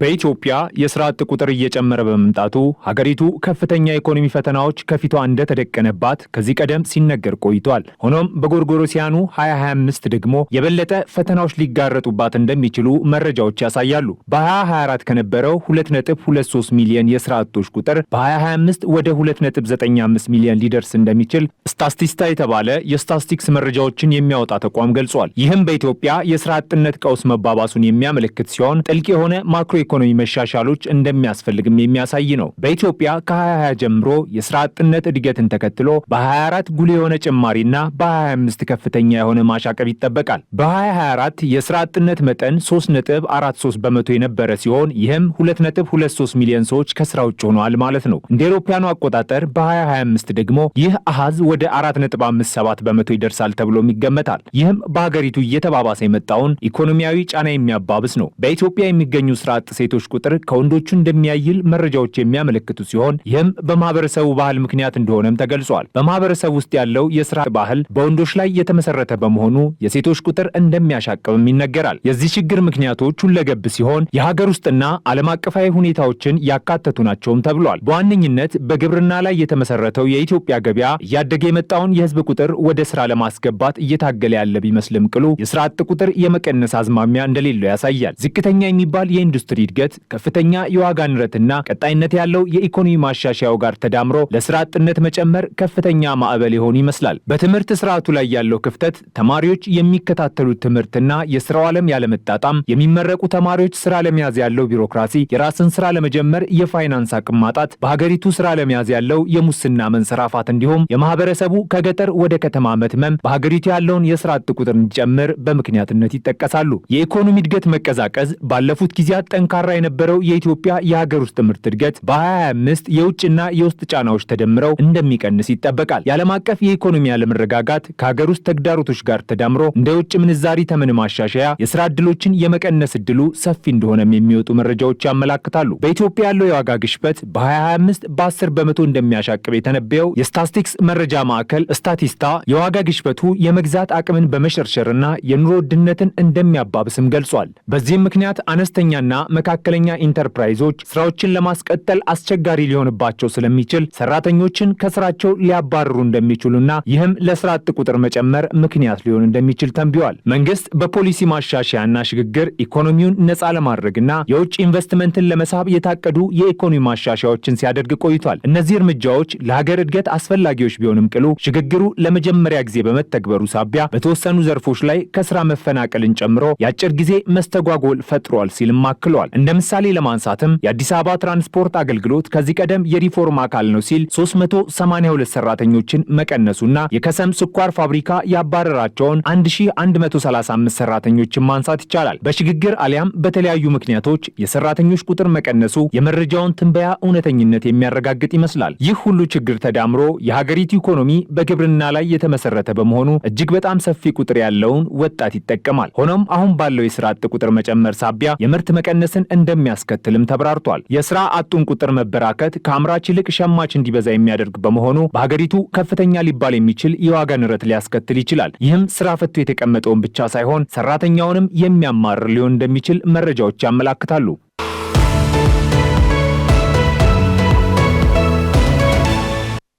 በኢትዮጵያ የስራ አጥ ቁጥር እየጨመረ በመምጣቱ ሀገሪቱ ከፍተኛ የኢኮኖሚ ፈተናዎች ከፊቷ እንደተደቀነባት ከዚህ ቀደም ሲነገር ቆይቷል። ሆኖም በጎርጎሮሲያኑ 2025 ደግሞ የበለጠ ፈተናዎች ሊጋረጡባት እንደሚችሉ መረጃዎች ያሳያሉ። በ2024 ከነበረው 2.23 ሚሊዮን የስራ አጦች ቁጥር በ2025 ወደ 2.95 ሚሊዮን ሊደርስ እንደሚችል ስታስቲስታ የተባለ የስታቲስቲክስ መረጃዎችን የሚያወጣ ተቋም ገልጿል። ይህም በኢትዮጵያ የስራ አጥነት ቀውስ መባባሱን የሚያመለክት ሲሆን ጥልቅ የሆነ ማክሮ የኢኮኖሚ መሻሻሎች እንደሚያስፈልግም የሚያሳይ ነው። በኢትዮጵያ ከ2020 ጀምሮ የስራ አጥነት እድገትን ተከትሎ በ24 ጉልህ የሆነ ጭማሪና በ25 ከፍተኛ የሆነ ማሻቀብ ይጠበቃል። በ2024 የስራ አጥነት መጠን 3.43 በመቶ የነበረ ሲሆን ይህም 2.23 ሚሊዮን ሰዎች ከስራ ውጭ ሆነዋል ማለት ነው። እንደ ኤሮፓያኑ አቆጣጠር በ2025 ደግሞ ይህ አሃዝ ወደ 4.57 በመቶ ይደርሳል ተብሎም ይገመታል። ይህም በሀገሪቱ እየተባባሰ የመጣውን ኢኮኖሚያዊ ጫና የሚያባብስ ነው። በኢትዮጵያ የሚገኙ ስራ አጥ ሴቶች ቁጥር ከወንዶቹ እንደሚያይል መረጃዎች የሚያመለክቱ ሲሆን ይህም በማህበረሰቡ ባህል ምክንያት እንደሆነም ተገልጿል። በማህበረሰብ ውስጥ ያለው የስራ ባህል በወንዶች ላይ የተመሰረተ በመሆኑ የሴቶች ቁጥር እንደሚያሻቅብም ይነገራል። የዚህ ችግር ምክንያቶች ሁለገብ ሲሆን የሀገር ውስጥና ዓለም አቀፋዊ ሁኔታዎችን ያካተቱ ናቸውም ተብሏል። በዋነኝነት በግብርና ላይ የተመሰረተው የኢትዮጵያ ገበያ እያደገ የመጣውን የህዝብ ቁጥር ወደ ስራ ለማስገባት እየታገለ ያለ ቢመስልም ቅሉ የስራ አጥ ቁጥር የመቀነስ አዝማሚያ እንደሌለው ያሳያል። ዝቅተኛ የሚባል የኢንዱስትሪ እድገት፣ ከፍተኛ የዋጋ ንረትና ቀጣይነት ያለው የኢኮኖሚ ማሻሻያው ጋር ተዳምሮ ለስራ አጥነት መጨመር ከፍተኛ ማዕበል የሆኑ ይመስላል። በትምህርት ስርዓቱ ላይ ያለው ክፍተት፣ ተማሪዎች የሚከታተሉት ትምህርትና የስራው ዓለም ያለመጣጣም፣ የሚመረቁ ተማሪዎች ስራ ለመያዝ ያለው ቢሮክራሲ፣ የራስን ስራ ለመጀመር የፋይናንስ አቅም ማጣት፣ በሀገሪቱ ስራ ለመያዝ ያለው የሙስና መንሰራፋት እንዲሁም የማህበረሰቡ ከገጠር ወደ ከተማ መትመም በሀገሪቱ ያለውን የስራ አጥ ቁጥር እንዲጨምር በምክንያትነት ይጠቀሳሉ። የኢኮኖሚ እድገት መቀዛቀዝ ባለፉት ጊዜያት ጠንካ ጠንካራ የነበረው የኢትዮጵያ የሀገር ውስጥ ምርት እድገት በ2025 የውጭና የውስጥ ጫናዎች ተደምረው እንደሚቀንስ ይጠበቃል። የዓለም አቀፍ የኢኮኖሚ አለመረጋጋት ከሀገር ውስጥ ተግዳሮቶች ጋር ተዳምሮ እንደ ውጭ ምንዛሪ ተመን ማሻሻያ የስራ እድሎችን የመቀነስ እድሉ ሰፊ እንደሆነም የሚወጡ መረጃዎች ያመላክታሉ። በኢትዮጵያ ያለው የዋጋ ግሽበት በ2025 በ10 በመቶ እንደሚያሻቅብ የተነበየው የስታስቲክስ መረጃ ማዕከል ስታቲስታ የዋጋ ግሽበቱ የመግዛት አቅምን በመሸርሸርና የኑሮ ውድነትን እንደሚያባብስም ገልጿል። በዚህም ምክንያት አነስተኛና መ መካከለኛ ኢንተርፕራይዞች ስራዎችን ለማስቀጠል አስቸጋሪ ሊሆንባቸው ስለሚችል ሰራተኞችን ከስራቸው ሊያባርሩ እንደሚችሉና ይህም ለስራ አጥ ቁጥር መጨመር ምክንያት ሊሆን እንደሚችል ተንቢዋል። መንግስት በፖሊሲ ማሻሻያና ሽግግር ኢኮኖሚውን ነፃ ለማድረግና የውጭ ኢንቨስትመንትን ለመሳብ የታቀዱ የኢኮኖሚ ማሻሻያዎችን ሲያደርግ ቆይቷል። እነዚህ እርምጃዎች ለሀገር እድገት አስፈላጊዎች ቢሆንም ቅሉ ሽግግሩ ለመጀመሪያ ጊዜ በመተግበሩ ሳቢያ በተወሰኑ ዘርፎች ላይ ከስራ መፈናቀልን ጨምሮ የአጭር ጊዜ መስተጓጎል ፈጥሯል ሲልም አክሏል። እንደ ምሳሌ ለማንሳትም የአዲስ አበባ ትራንስፖርት አገልግሎት ከዚህ ቀደም የሪፎርም አካል ነው ሲል 382 ሰራተኞችን መቀነሱና የከሰም ስኳር ፋብሪካ ያባረራቸውን 1135 ሰራተኞችን ማንሳት ይቻላል። በሽግግር አሊያም በተለያዩ ምክንያቶች የሰራተኞች ቁጥር መቀነሱ የመረጃውን ትንበያ እውነተኝነት የሚያረጋግጥ ይመስላል። ይህ ሁሉ ችግር ተዳምሮ የሀገሪቱ ኢኮኖሚ በግብርና ላይ የተመሰረተ በመሆኑ እጅግ በጣም ሰፊ ቁጥር ያለውን ወጣት ይጠቀማል። ሆኖም አሁን ባለው የስራ አጥ ቁጥር መጨመር ሳቢያ የምርት መቀነስን ችግርን እንደሚያስከትልም ተብራርቷል። የስራ አጡን ቁጥር መበራከት ከአምራች ይልቅ ሸማች እንዲበዛ የሚያደርግ በመሆኑ በሀገሪቱ ከፍተኛ ሊባል የሚችል የዋጋ ንረት ሊያስከትል ይችላል። ይህም ስራ ፈቶ የተቀመጠውን ብቻ ሳይሆን ሰራተኛውንም የሚያማርር ሊሆን እንደሚችል መረጃዎች ያመላክታሉ።